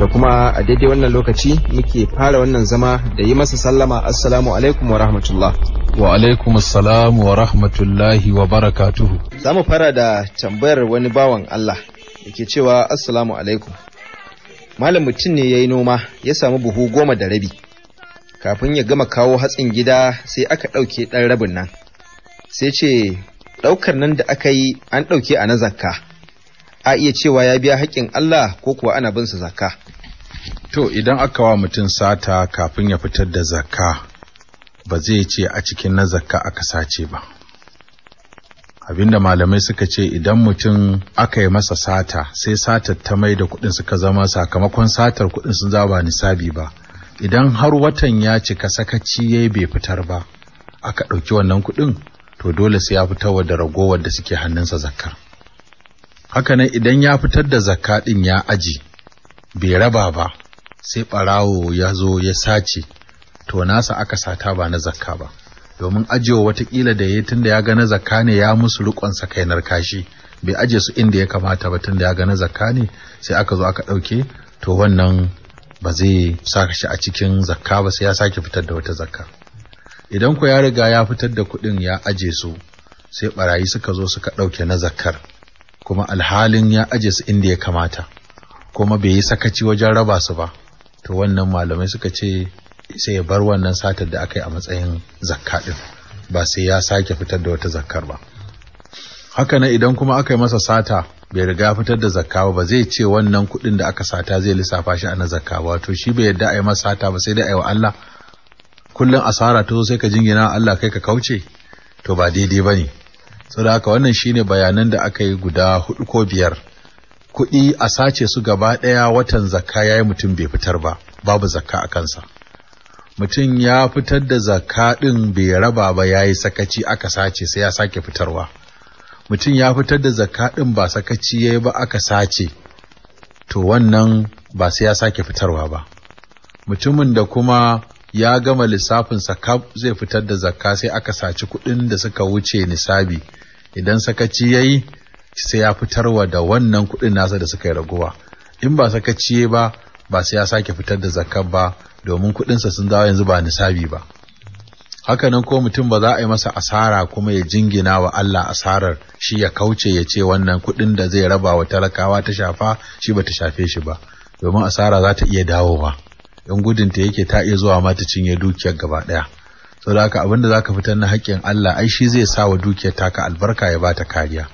Da kuma a daidai wannan lokaci muke fara wannan zama da yi masa sallama assalamu alaikum wa rahmatullah wa alaikum assalam wa rahmatullahi wa barakatuhu za mu fara da tambayar wani bawan Allah da ke cewa assalamu alaikum malam mutum ne ya yi noma ya samu buhu goma da rabi kafin ya gama kawo hatsin gida sai aka ɗauke ɗan rabin nan sai ce ɗaukar nan da aka yi an ɗauke a na zakka a iya cewa ya biya haƙƙin Allah ko kuwa ana bin sa zakka to idan aka wa mutum sata kafin ya fitar da zakka ba zai ce a cikin na zakka aka sace ba abinda malamai suka ce idan mutum aka yi masa sata sai satar ta mai da kudin suka zama sakamakon satar kudin sun zaba nisabi ba idan har watan ya cika sakaci yayi bai fitar ba aka ɗauki wannan kudin to dole sai ya fitar da ragowar da suke hannunsa zakkar haka nan idan ya fitar da zakka ɗin ya aji bai raba ba sai ɓarawo ya zo ya sace to nasa aka sata ba na zakka ba domin ajiyewa watakila da ya tunda ya ga na zakka ne ya musu rikon kai narkashi bai aje su inda ya kamata ba tunda ya ga na zakka ne sai aka zo aka ɗauke to wannan ba zai sa shi a cikin zakka ba sai ya sake fitar da wata zakka idan ku ya riga ya fitar da kuɗin ya aje su sai ɓarayi suka zo suka ɗauke na zakkar kuma alhalin ya aje su inda ya kamata kuma bai yi sakaci wajen raba su ba to wannan malamai suka ce sai ya bar wannan satar da aka yi a matsayin zakka din ba sai ya sake fitar da wata zakkar ba haka nan idan kuma aka yi masa sata bai riga fitar da zakka ba zai ce wannan kuɗin da aka sata zai lissafa shi a na zakka ba to shi bai yadda a yi masa sata ba sai dai a yi wa Allah kullum asara to sai ka jingina Allah kai ka kauce to ba daidai ba ne saboda haka wannan shine bayanan da aka yi guda hudu ko biyar kuɗi a sace su gaba ɗaya watan zakka ya yi mutum bai fitar ba babu zakka a kansa mutum ya fitar da zakka ɗin bai raba ba ya yi sakaci aka sace sai ya sake fitarwa mutum ya fitar da zakka ɗin ba sakaci ya yi ba aka sace to wannan ba sai ya sake fitarwa ba mutumin da kuma ya gama lissafinsa kaf zai fitar da zakka sai aka saci kuɗin da suka wuce nisabi idan sakaci ya yi sai ya fitarwa da wannan kuɗin nasa da suka yi raguwa in ba sakaci ba ba sai ya sake fitar da zakar ba domin kuɗinsa sun dawo yanzu ba nisabi ba hakanan ko mutum ba za a yi masa asara kuma ya jingina wa Allah asarar shi ya kauce ya ce wannan kuɗin da zai raba wa talakawa ta shafa shi ba ta shafe shi ba domin asara za ta iya dawowa in gudunta yake ta iya zuwa ma ta cinye dukiyar gaba ɗaya saboda haka abinda za ka fitar na haƙƙin Allah ai shi zai sa wa dukiyar taka albarka ya ba ta kariya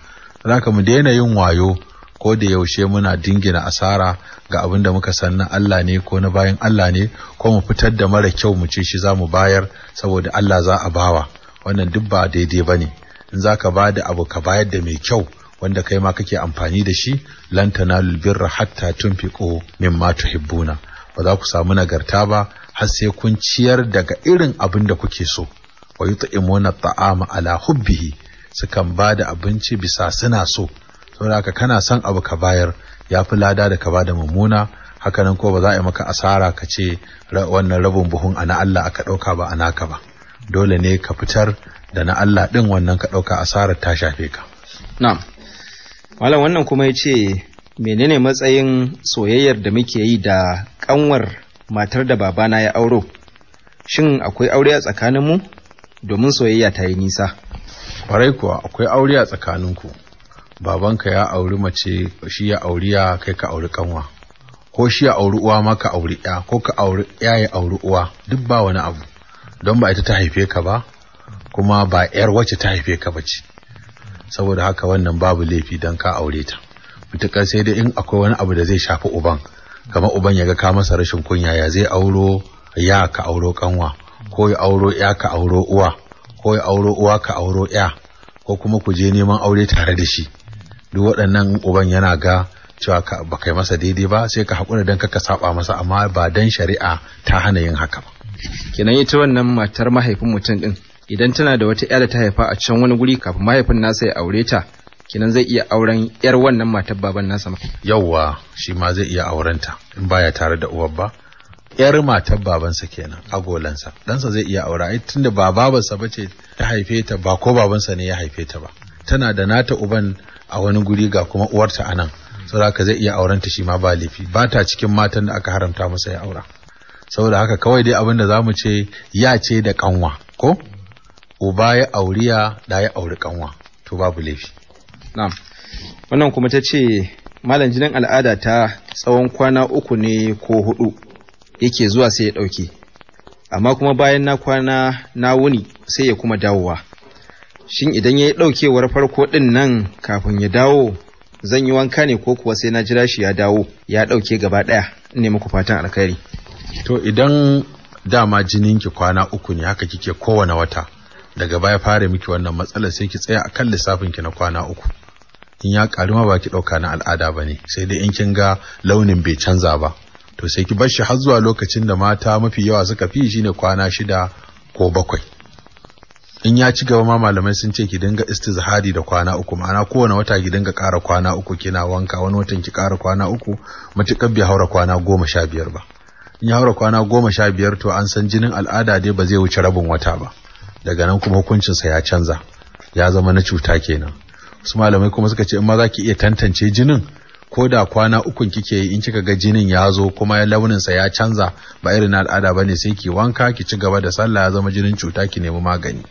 Saboda mu daina yin wayo ko da yaushe muna dingina asara ga abin da muka san na Allah ne ko na bayan Allah ne ko mu fitar da mara kyau mu ce shi za mu bayar saboda Allah za a bawa wannan duk ba daidai ba ne in za ka ba da abu ka bayar da mai kyau wanda kai ma kake amfani da shi lan tanalul birra hatta tunfiqu mimma tuhibbuna ba za ku samu nagarta ba har sai kun ciyar daga irin abin da kuke so wa yut'imuna ta'ama ala hubbihi sukan ba da abinci bisa suna so saboda haka kana son abu ka bayar ya fi lada da ka ba da mummuna hakanan ko ba za a yi maka asara ka ce wannan rabin buhun a na Allah aka ɗauka ba a naka ba dole ne ka fitar da na Allah ɗin wannan ka ɗauka asarar ta shafe ka. Na'am. Malam wannan kuma ya ce menene matsayin soyayyar da muke yi da ƙanwar matar da babana ya auro? Shin akwai aure a tsakaninmu? Domin soyayya ta yi nisa. Kwarai kuwa akwai aure a tsakaninku, babanka ya auri mace shi ya auri ya kai ka auri kanwa, ko shi ya auri uwa ma ka auri ya ko ka auri ya ya auri uwa duk ba wani abu, don ba ita ta haife ka ba, kuma ba ‘yar wacce ta haife ka ba ce, saboda haka wannan babu laifi don ka aure ta. Mutukar sai dai in akwai wani abu da zai shafi uban, kamar uban ya ga ka masa rashin kunya ya zai auro ya ka auro kanwa, ko ya auro ya ka auro uwa, ko ya auro uwa ka auro ya. ko kuma ku je neman aure tare da shi duk waɗannan uban yana ga cewa ba kai masa daidai ba sai ka haƙura don ka saba masa amma ba dan shari'a ta hana yin haka ba kenan ita wannan matar mahaifin mutum din idan tana da wata 'ya da ta haifa a can wani guri kafin mahaifin nasa ya aure ta kenan zai iya auren yar wannan matar baban nasa ma Yawwa shi ma zai iya auren ta in baya tare da uwar ba yar matar babansa kenan agolansa ɗansa zai iya aura ai tunda ba babansa ba ce ta haife ta ba ko babansa ne ya haife ta ba tana da nata uban a wani guri ga kuma uwarta a nan saboda haka zai iya ta shi ma ba laifi ba ta cikin matan da aka haramta masa ya aura saboda haka kawai dai abin da za mu ce ya ce da kanwa ko uba ya auriya da ya auri kanwa to babu laifi na'am wannan kuma ta ce malam jinin al'ada ta tsawon kwana uku ne ko hudu yake zuwa sai ya ɗauke amma kuma bayan na kwana na wuni sai ya kuma dawowa shin idan ya yi ɗaukewar farko ɗin nan kafin ya dawo zan yi wanka ne ko kuwa sai na jira shi ya dawo ya ɗauke gaba ɗaya ne muku fatan alkhairi to idan dama jininki kwana uku ne haka kike kowane wata daga baya fara miki wannan matsalar sai ki tsaya akan lissafin ki na kwana uku in ya karu ma ba ki dauka na al'ada ba ne sai dai in kin ga launin bai canza ba to sai ki bar shi har zuwa lokacin da mata mafi yawa suka fi shine kwana shida ko bakwai in ya ci gaba ma malamai sun ce ki dinga istizhari da kwana uku ma'ana kowane wata ki dinga ƙara kwana uku kina wanka wani watan ki ƙara kwana uku matuƙar bai haura kwana goma sha biyar ba in ya haura kwana goma sha biyar to an san jinin al'ada dai ba zai wuce rabin wata ba daga nan kuma hukuncinsa ya canza ya zama na cuta kenan wasu malamai kuma suka ce in ma za ki iya tantance jinin ko da kwana ukun kike in kika ga jinin ya zo kuma launin sa ya canza ba irin na al'ada bane sai ki wanka ki ci gaba da sallah ya zama jinin cuta ki nemi magani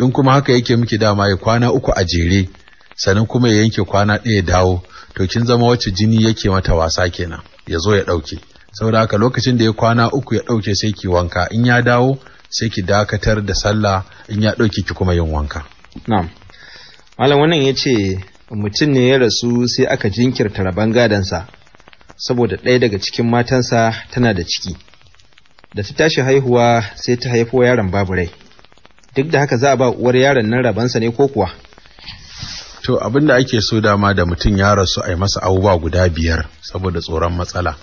in kuma haka yake miki dama ya kwana uku a jere sannan kuma ya yanke kwana ɗaya dawo to kin zama wacce jini yake mata wasa kenan ya zo ya ɗauke saboda haka lokacin da ya kwana uku ya ɗauke sai ki wanka in ya dawo sai ki dakatar da sallah in ya ɗauke ki kuma yin wanka. Na'am. Malam wannan ya ce mutum ne ya rasu sai aka jinkirta rabon gadansa saboda ɗaya daga cikin matansa tana da ciki da ta tashi haihuwa sai ta haifo yaron babu rai duk da haka za a ba uwar yaron nan rabonsa ne ko kuwa to abin da ake so dama da mutum ya rasu a yi masa abubuwa guda biyar saboda tsoron matsala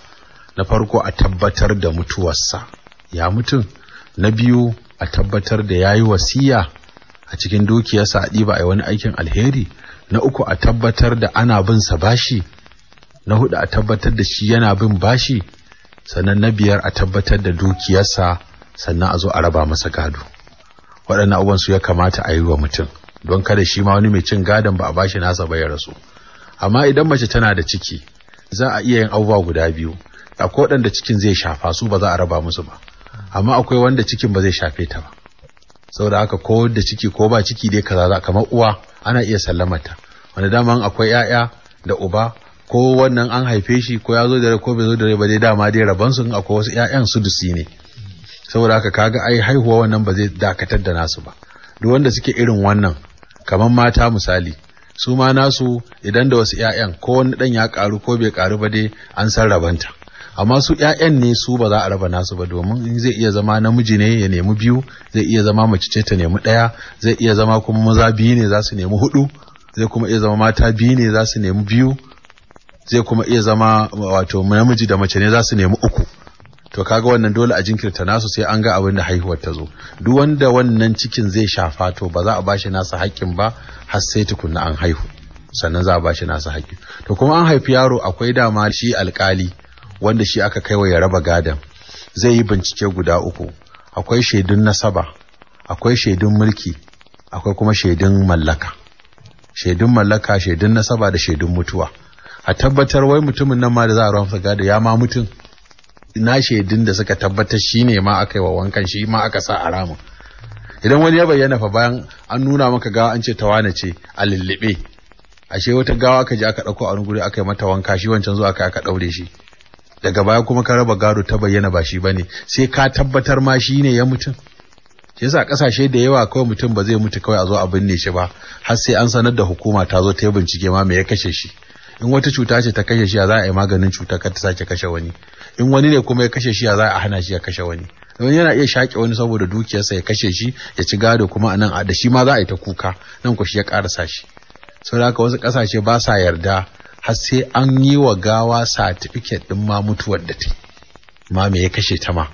na farko a tabbatar da mutuwarsa ya mutum na biyu a tabbatar da ya yi wasiya a cikin dukiyarsa a ɗiba a yi wani aikin alheri na uku a tabbatar da ana bin sa bashi na hudu a tabbatar da shi yana bin bashi sannan na biyar a tabbatar da dukiyarsa sannan a zo a raba masa gado waɗannan abubuwan su ya kamata a yi wa mutum don kada shi ma wani mai cin gadon ba a bashi nasa ba ya rasu amma idan mace tana da ciki za a iya yin abubuwa guda biyu akwai waɗanda cikin zai shafa su ba za a raba musu ba amma akwai wanda cikin ba zai shafe ta ba saboda haka ko da ciki ko ba ciki dai kaza za kamar uwa ana iya sallamata wanda dama akwai ‘ya'ya da uba ko wannan an haife shi ko ya zo da rai ko bai zo da rai ba dai dama dai rabon su akwai wasu ‘ya'yan sudusi ne saboda haka kaga ai haihuwa wannan ba zai dakatar da nasu ba duk wanda suke irin wannan kamar mata misali su ma nasu idan da wasu ‘ya'yan ko wani ɗan ya karu ko bai karu ba dai an san rabanta amma su ƴaƴan ne su ba za a raba nasu ba domin zai iya zama namiji ne ya nemi biyu zai iya zama mace ce ta nemi ɗaya zai iya zama kuma maza biyu ne za su nemi hudu zai kuma iya zama mata biyu ne za su nemi biyu zai kuma iya zama wato namiji da mace ne za su nemi uku to kaga wannan dole a jinkirta nasu sai an ga abin da haihuwar ta zo duk wanda wannan cikin zai shafa to ba za a bashi nasa haƙƙin ba har sai tukunna an haihu sannan za a bashi nasa haƙƙi to kuma an haifi yaro akwai dama shi alƙali wanda shi aka kaiwa ya raba gadon zai yi bincike guda uku akwai shaidun nasaba akwai shaidun mulki akwai kuma shaidun mallaka shaidun mallaka shaidun nasaba da shaidun mutuwa a tabbatar wai mutumin nan ma da za a ramsa gado ya ma mutum na shaidun da suka tabbatar shi ne ma aka yi wa wankan shi ma aka sa a idan wani ya bayyana fa bayan an nuna maka gawa an ce tawana ce a lullube ashe wata gawa ka je aka ɗauko a wani guri aka yi mata wanka shi wancan zuwa aka aka ɗaure shi daga baya kuma ka raba gado ta bayyana ba shi bane sai ka tabbatar ma shi ne ya mutum shi yasa kasashe da yawa kawai mutum ba zai mutu kawai a zo a binne shi ba har sai an sanar da hukuma ta zo ta yi bincike ma me ya kashe shi in wata cuta ce ta kashe shi a za a yi maganin cuta kar ta sake kashe wani in wani ne kuma ya kashe shi a za a hana shi ya kashe wani Wani yana iya shaƙe wani saboda dukiyarsa ya kashe shi ya ci gado kuma a nan da shi ma za a yi ta kuka nan ku shi ya ƙarasa shi saboda haka wasu ƙasashe ba sa yarda har sai an yi wa gawa satifiket din ma mutuwar da ta ma me ya kashe ta ma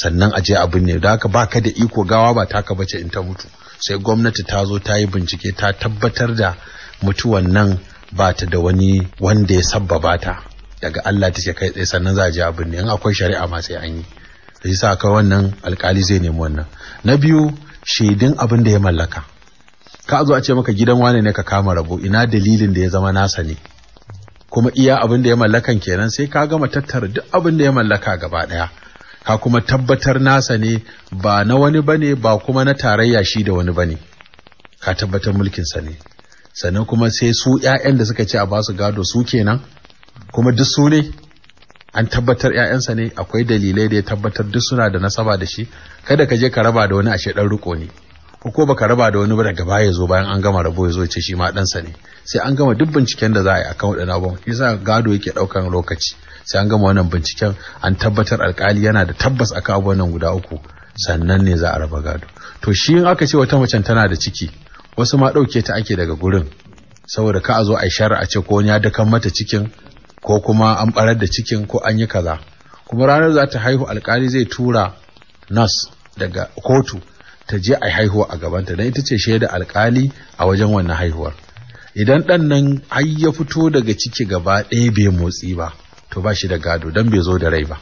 sannan a je abin ne da baka da iko gawa ba taka bace in ta mutu sai gwamnati ta zo ta yi bincike ta tabbatar da mutuwan nan ba ta da wani wanda ya sabbaba ta daga Allah take kai tsaye sannan za a je abin ne in akwai shari'a ma sai an yi da yasa ka wannan alkali zai nemi wannan na biyu shaidun abin da ya mallaka ka zo a ce maka gidan wane ne ka kama rabo ina dalilin da ya zama nasa ne kuma iya abin da ya mallakan kenan sai ka gama tattara duk abin da ya mallaka gaba ɗaya ka kuma tabbatar nasa ne ba na wani bane ba kuma na tarayya shi da wani bane ka tabbatar mulkin sa ne sannan kuma sai su ƴaƴan da suka ce a basu gado su kenan kuma duk su ne an tabbatar ‘ya'yansa ne akwai dalilai da ya tabbatar duk suna da nasaba da shi kada ka je ka raba da wani ashe ɗan riko ne ko baka raba da wani ba daga baya zo bayan an gama rabo ya zo ce shi ma ɗansa ne sai an gama duk binciken da za a yi akan waɗannan abubuwan shi yasa gado yake ɗaukan lokaci sai an gama wannan binciken an tabbatar alƙali yana da tabbas akan abubuwan wannan guda uku sannan ne za a raba gado to shi in aka ce wata macen tana da ciki wasu ma ɗauke ta ake daga gurin saboda ka a zo a shara a ce ko wani ya dakan mata cikin ko kuma an barar da cikin ko an yi kaza kuma ranar za ta haihu alƙali zai tura nas daga kotu ta je a haihuwa a gabanta dan ita ce shaida alkali a wajen wannan haihuwar idan ɗan nan har ya fito daga ciki gaba ɗaya bai motsi ba to ba shi da gado dan bai zo da rai ba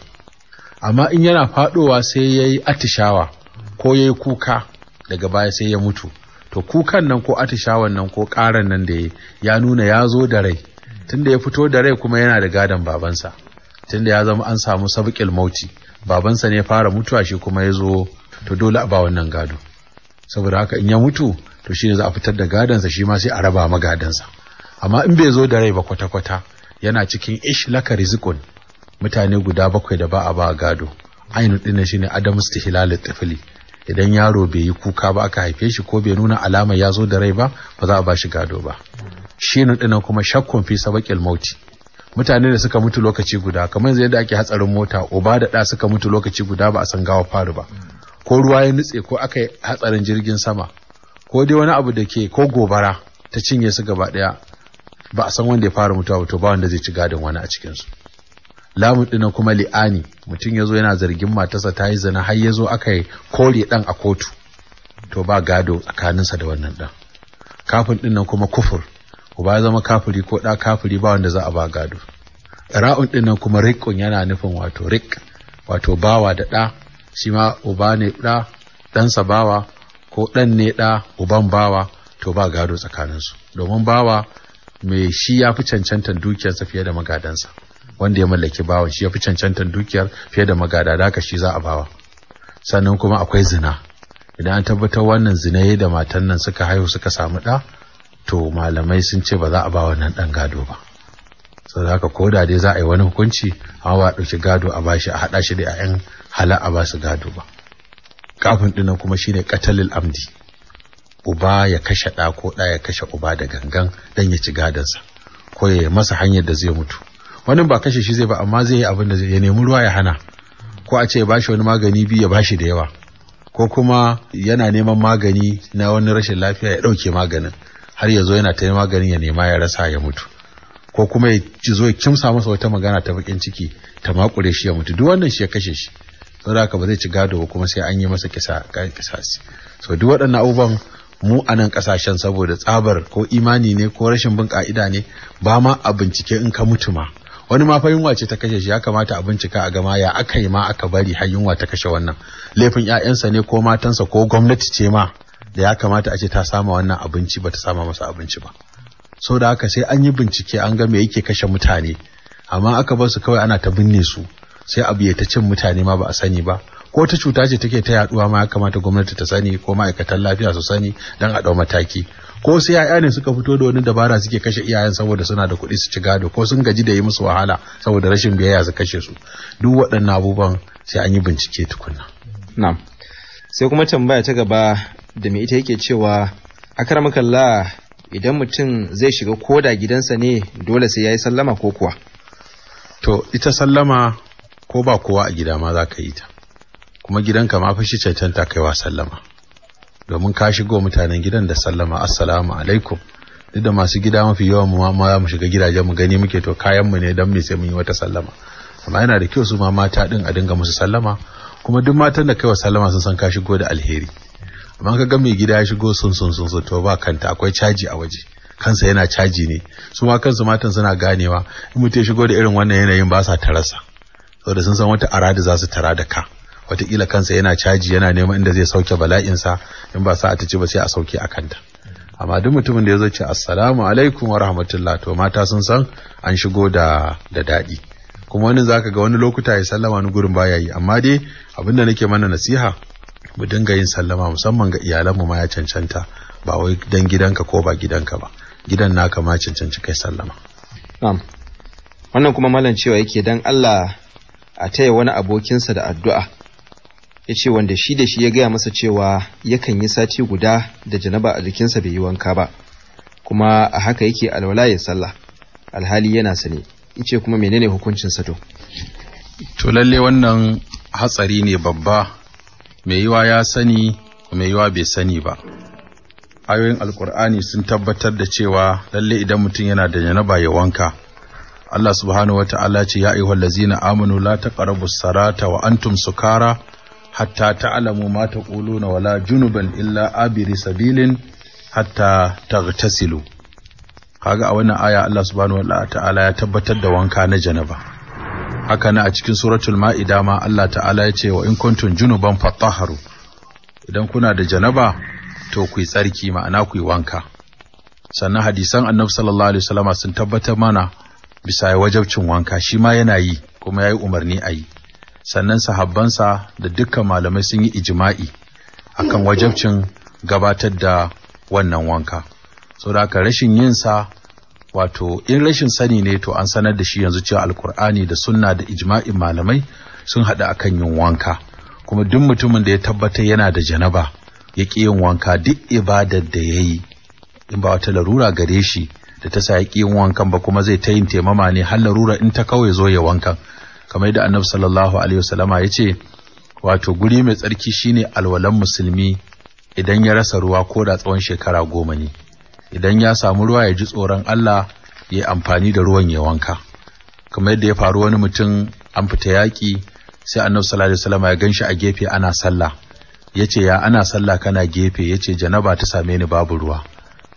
amma in yana faɗowa sai ya yi atishawa ko ya yi kuka daga baya sai ya mutu to kukan nan ko atishawan nan ko ƙaran nan da ya nuna ya zo da rai tunda ya fito da rai kuma yana da gadon babansa tunda ya zama an samu sabkil mauti babansa ne ya fara mutuwa shi kuma ya zo to dole a ba wannan gado saboda haka in ya mutu to shi shine za a fitar da gadansa shi ma sai a raba ma gadansa amma in bai zo da rai ba kwata-kwata yana cikin ish ishlaka rizikun mutane guda bakwai da ba a ba gado ainu din shine adamu istihlal tafili idan yaro bai yi kuka ba aka haife shi ko bai nuna alama ya zo da rai ba ba za a ba shi gado ba shine din kuma shakkun fi sabaqil mauti mutane da suka mutu lokaci guda kamar yadda ake hatsarin mota uba da da suka mutu lokaci guda ba a san gawa faru ba ko ruwa ya nutse ko aka yi hatsarin jirgin sama ko dai wani abu da ke ko gobara ta cinye su gaba ɗaya ba a san wanda ya fara mutuwa ba to ba wanda zai ci gadon wani a cikin su lamun ɗina kuma li'ani mutum ya zo yana zargin matarsa ta yi zina har ya zo aka yi kore ɗan a kotu to ba gado tsakaninsa da wannan ɗan kafin nan kuma kufur uba ya zama kafiri ko da kafiri ba wanda za a ba gado ra'un nan kuma rikon yana nufin wato rik wato bawa da ɗa shi ma uba ne ɗa ɗansa bawa ko ɗan ne ɗa uban bawa to ba gado tsakaninsu domin bawa mai shi ya fi cancantar dukiyarsa fiye da magadansa wanda ya mallaki bawa shi ya fi cancantar dukiyar fiye da magada da ka shi za a bawa sannan kuma akwai zina idan an tabbatar wannan zina da matan nan suka haihu suka samu ɗa to malamai sun ce ba za a ba wannan ɗan gado ba saboda haka ko da dai za a yi wani hukunci amma ba a ɗauki gado a bashi a haɗa shi da 'ya'yan hala a ba su gado ba kafin dinan kuma shine katalil amdi uba ya kashe ɗa ko ɗa ya kashe uba da gangan dan ya ci gadansa ko ya masa hanyar da zai mutu wani ba kashe shi zai ba amma zai yi abin da ya nemi ruwa ya hana ko a ce ya bashi wani magani biyu ya bashi da yawa ko kuma yana neman magani na wani rashin lafiya ya ɗauke maganin har ya zo yana ta maganin ya nema ya rasa ya mutu ko kuma ya zo ya kimsa masa wata magana ta bakin ciki ta makure shi ya mutu duk wannan shi ya kashe shi saboda haka ba zai ci gado ba kuma sai an yi masa kisa kisasi so duk waɗannan abubuwan mu a nan kasashen saboda tsabar ko imani ne ko rashin bin ka'ida ne ba ma a bincike in ka mutu ma wani ma fa yunwa ce ta kashe shi ya kamata a bincika a gama ya aka yi ma aka bari har yunwa ta kashe wannan laifin 'ya'yansa ne ko matansa ko gwamnati ce ma da ya kamata a ce ta sama wannan abinci ba ta sama masa abinci ba so da haka sai an yi bincike an ga me yake kashe mutane amma aka bar su kawai ana ta binne su sai abu ya ta cin mutane ma ba a sani ba ko ta cuta ce take ta yaduwa ma ya kamata gwamnati ta sani ko ma'aikatan lafiya su sani don a dau mataki ko sai ya'ya ne suka fito da wani dabara suke kashe iyayen saboda suna da kuɗi su ci gado ko sun gaji da yi musu wahala saboda rashin biyayya su kashe su duk waɗannan abubuwan sai an yi bincike tukunna na'am sai kuma tambaya ta gaba da me ita yake cewa akramakallah idan mutum zai shiga koda gidansa ne dole sai ya yi sallama ko kuwa to ita sallama ko ba kowa a gida ma za ka yi ta kuma gidanka ma fashi cancanta kaiwa sallama domin ka shigo mutanen gidan da sallama assalamu alaikum duk da masu gida mafi yawan mu ma za mu shiga gidajen mu gani muke to kayan mu ne dan me sai mun yi wata sallama amma yana da kyau su ma mata din a dinga musu sallama kuma duk matan da kaiwa sallama sun san ka shigo da alheri amma ka ga mai gida ya shigo sun sun sun to ba kanta akwai caji a waje kansa yana caji ne su ma kansu matan suna ganewa in mutum ya shigo da irin wannan yanayin ba sa tarasa saboda sun san wata arada za su tara da ka wataƙila kansa yana caji yana neman inda zai sauke bala'insa in ba sa a ci ba sai a sauke a kanta amma duk mutumin da ya zo ce assalamu alaikum wa rahmatullah to mata sun san an shigo da da daɗi kuma wani zaka ga wani lokuta ya sallama ni gurin baya yi amma dai abinda nake mana nasiha mu dinga yin sallama musamman ga iyalanmu ma ya cancanta ba wai dan gidanka ko ba gidanka ba gidan naka ma cancanci kai sallama na'am wannan kuma malam cewa yake dan Allah a taya wani abokinsa da addu'a ya ce wanda shi da shi ya gaya masa cewa yakan yi sati guda da janaba a jikinsa bai yi wanka ba kuma a haka yake alwala ya salla alhali yana sane ya ce kuma menene hukuncinsa to to lalle wannan hatsari ne babba mai yiwa ya sani mai yiwa bai sani ba ayoyin alkur'ani sun tabbatar da cewa lalle idan mutum yana da janaba ya wanka Allah subhanahu wa ta'ala ce ya ayyuhal lazina amanu la taqrabu sarata wa antum sukara hatta ta'lamu ma na wala junuban illa abiri sabilin hatta taghtasilu kaga a wannan aya Allah subhanahu wa ta'ala ya tabbatar da wanka na janaba haka na a cikin suratul ma'ida ma Allah ta'ala ya ce wa in kuntum junuban fatahharu idan kuna da janaba to ku yi tsarki ma'ana ku yi wanka sannan hadisan annabi sallallahu alaihi wasallam sun tabbatar mana bisa ya wajabcin wanka shi ma yana yi kuma ya yi umarni a yi sannan sahabbansa da dukkan malamai sun yi ijima'i akan wajabcin gabatar da wannan wanka da aka rashin yinsa wato in rashin sani ne to an sanar da shi yanzu cewa alkur'ani da sunna da ijima'in malamai sun haɗu akan yin wanka kuma duk mutumin da ya tabbatar yana da janaba ya ƙi yin wanka duk ibadar da ya yi in ba wata larura gare shi da ta sa yaƙi yin wankan ba kuma zai ta yin taimama ne har larura in ta kawai zo ya wankan kamar yadda annabi sallallahu alaihi wasallama ya ce wato guri mai tsarki shine alwalan musulmi idan ya rasa ruwa ko da tsawon shekara goma ne idan ya samu ruwa ya ji tsoron Allah ya amfani da ruwan ya wanka kamar yadda ya faru wani mutum an fita yaƙi sai annabi sallallahu alaihi wasallama ya ganshi a gefe ana sallah yace ya ana sallah kana gefe yace janaba ta same ni babu ruwa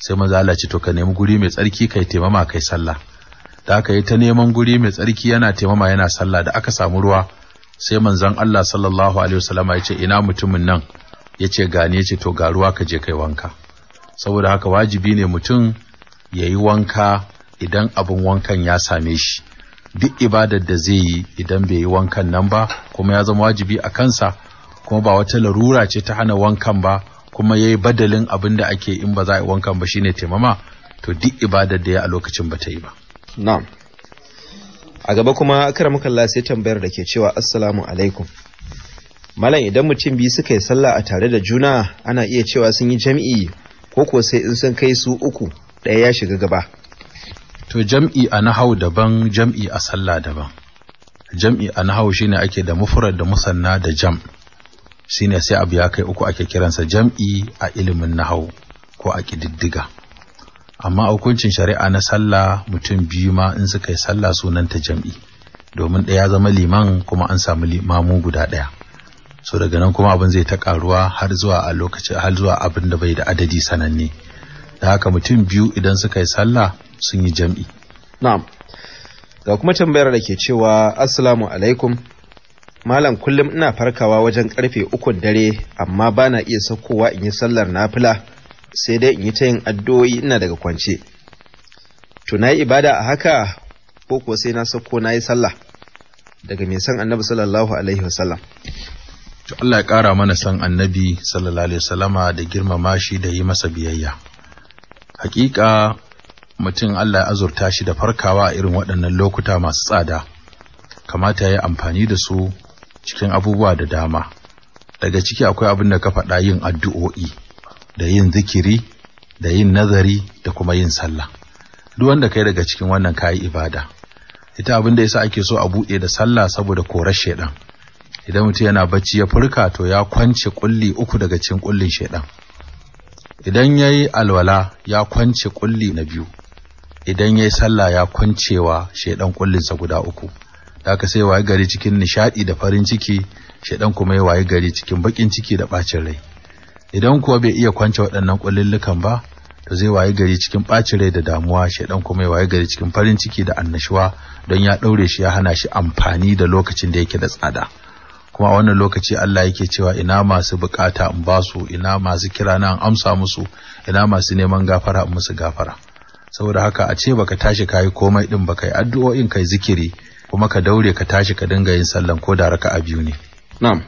sai manzo Allah ce to ka nemi guri mai tsarki kai taimama kai sallah da aka yi ta neman guri mai tsarki yana taimama yana sallah da aka samu ruwa sai manzon Allah sallallahu alaihi wasallam ya ce ina mutumin nan ya ce gane ce to ga ruwa ka je kai wanka saboda haka wajibi ne mutum ya yi wanka idan abin wankan ya same shi duk ibadar da zai yi idan bai yi wankan nan ba kuma ya zama wajibi a kansa kuma ba wata larura ce ta hana wankan ba kuma yayi badalin abin da ake in ba za a yi wankan ba shine taimama to duk ibadar da ya a lokacin ba ta yi ba na'am a gaba kuma akramukallah sai tambayar da ke cewa assalamu alaikum malam idan mutum biyu suka yi sallah a tare da juna ana iya cewa sun yi jam'i ko ko sai in sun kai su uku ɗaya ya shiga gaba to jam'i a nahau daban jam'i a sallah daban jam'i a nahau shine ake da mufrad da musanna da jam' shine sai abu ya kai uku ake kiransa jam'i a ilimin nahau ko a ƙididdiga amma hukuncin shari'a na sallah mutum biyu ma in suka yi sallah ta jam'i domin ɗaya zama liman kuma an samu limamu guda ɗaya so daga nan kuma abin zai ta karuwa har zuwa a lokaci har zuwa abin da bai da adadi sananne da haka mutum biyu idan suka yi sallah sun yi jam'i na'am ga kuma tambayar da ke cewa assalamu alaikum malam kullum ina farkawa wajen karfe ukun dare amma bana iya saukowa in yi sallar nafila sai dai in yi ta yin addu'o'i ina daga kwance to na yi ibada a haka ko kuwa sai na sauko na yi sallah daga mai san annabi sallallahu alaihi wasallam to Allah ya kara mana san annabi sallallahu alaihi wasallama da girmama shi da yi masa biyayya hakika mutum Allah ya azurta shi da farkawa a irin waɗannan lokuta masu tsada kamata ya yi amfani da su cikin abubuwa da dama daga ciki akwai abin da ka faɗa yin addu'o'i da yin zikiri da yin nazari da kuma yin sallah duk wanda kai daga cikin wannan kayi ibada ita abin da yasa ake so a buɗe da sallah saboda korar shedan idan mutum yana bacci ya furka to ya kwance kulli uku daga cikin kullin shedan idan yayi alwala ya kwance kulli na biyu idan yayi sallah ya kwancewa shedan kullinsa guda uku haka sai waye gari cikin nishadi da farin ciki shaidan kuma waye gari cikin bakin ciki da bacin rai idan kuwa bai iya kwance waɗannan kullullukan ba to zai waye gari cikin bacin rai da damuwa shaidan kuma waye gari cikin farin ciki da annashuwa don ya daure shi ya hana shi amfani da lokacin da yake da tsada kuma a wannan lokaci Allah yake cewa ina masu bukata in ba su ina masu kira na amsa musu ina masu neman gafara in musu gafara saboda haka a ce baka tashi kayi komai din baka yi addu'o'in kai zikiri kuma ka daure ka tashi ka dinga yin sallan ko da raka'a biyu ne na'am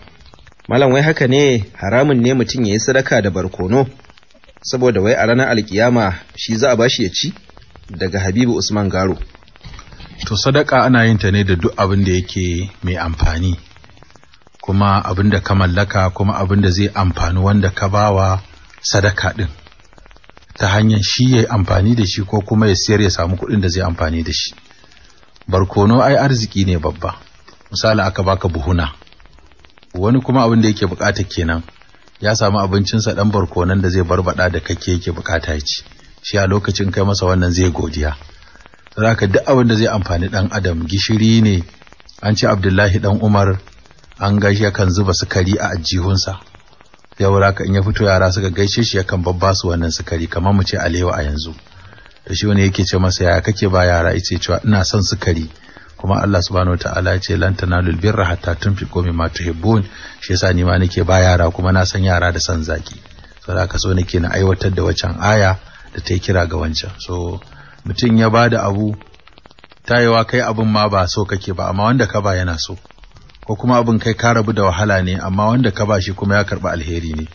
malam wai haka ne haramun ne mutum ya yi sadaka da barkono saboda wai a ranar alkiyama shi za a bashi ya ci daga habibu usman garo to sadaka ana yin ta ne da duk abin da yake mai amfani kuma abin da ka mallaka kuma abin da zai amfani wanda ka bawa sadaka din ta hanyar shi ya amfani da shi ko kuma ya siyar ya samu kuɗin da zai amfani da shi barkono ai arziki ne babba misali aka baka buhuna wani kuma abin da yake bukata kenan ya samu abincinsa dan barkonon da zai barbada da kake yake bukata ya ci shi a lokacin kai masa wannan zai godiya zaka duk abin da zai amfani dan adam gishiri ne an ce abdullahi dan umar an gaishe yakan zuba sukari a ajihunsa yau raka in ya fito yara suka gaishe shi yakan babba su wannan sukari kamar mu ce alewa a yanzu Da shi wani yake ce masa yaya kake ba yara yace cewa ina son sukari kuma Allah subhanahu wataala ya ce lan tanalul birra hatta tunfiqu mimma tuhibbun shi yasa ni ma nake ba yara kuma na san yara da san zaki saboda so nake na aiwatar da wancan aya da ta kira ga wancan so mutum ya ba da abu tayewa kai abin ma ba so kake ba amma wanda ka ba yana so ko kuma abin kai ka rabu da wahala ne amma wanda ka ba shi kuma ya karba alheri ne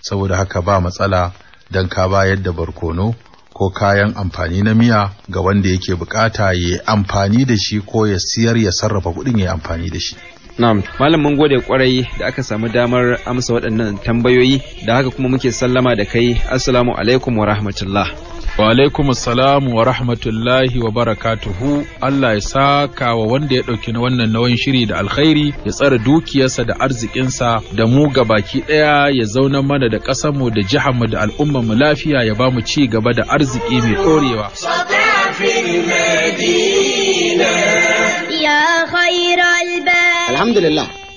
saboda haka ba matsala dan ka ba yadda barkono ko kayan amfani na miya ga wanda yake bukata ya amfani da shi ko ya siyar ya sarrafa kuɗin ya amfani da shi. Na'am, malam mun gode kwarai da aka samu damar amsa waɗannan tambayoyi da haka kuma muke sallama da kai. Assalamu alaikum wa rahmatullah. Wa salam wa rahmatullahi wa barakatuhu Allah ya saka wa wanda ya ɗauki wannan nawan shiri da alkhairi ya tsara dukiyarsa da arzikinsa da mu ga baki ɗaya ya zauna mana da ƙasarmu da mu da mu lafiya ya ba mu ci gaba da arziki mai ɗorewa. Alhamdulillah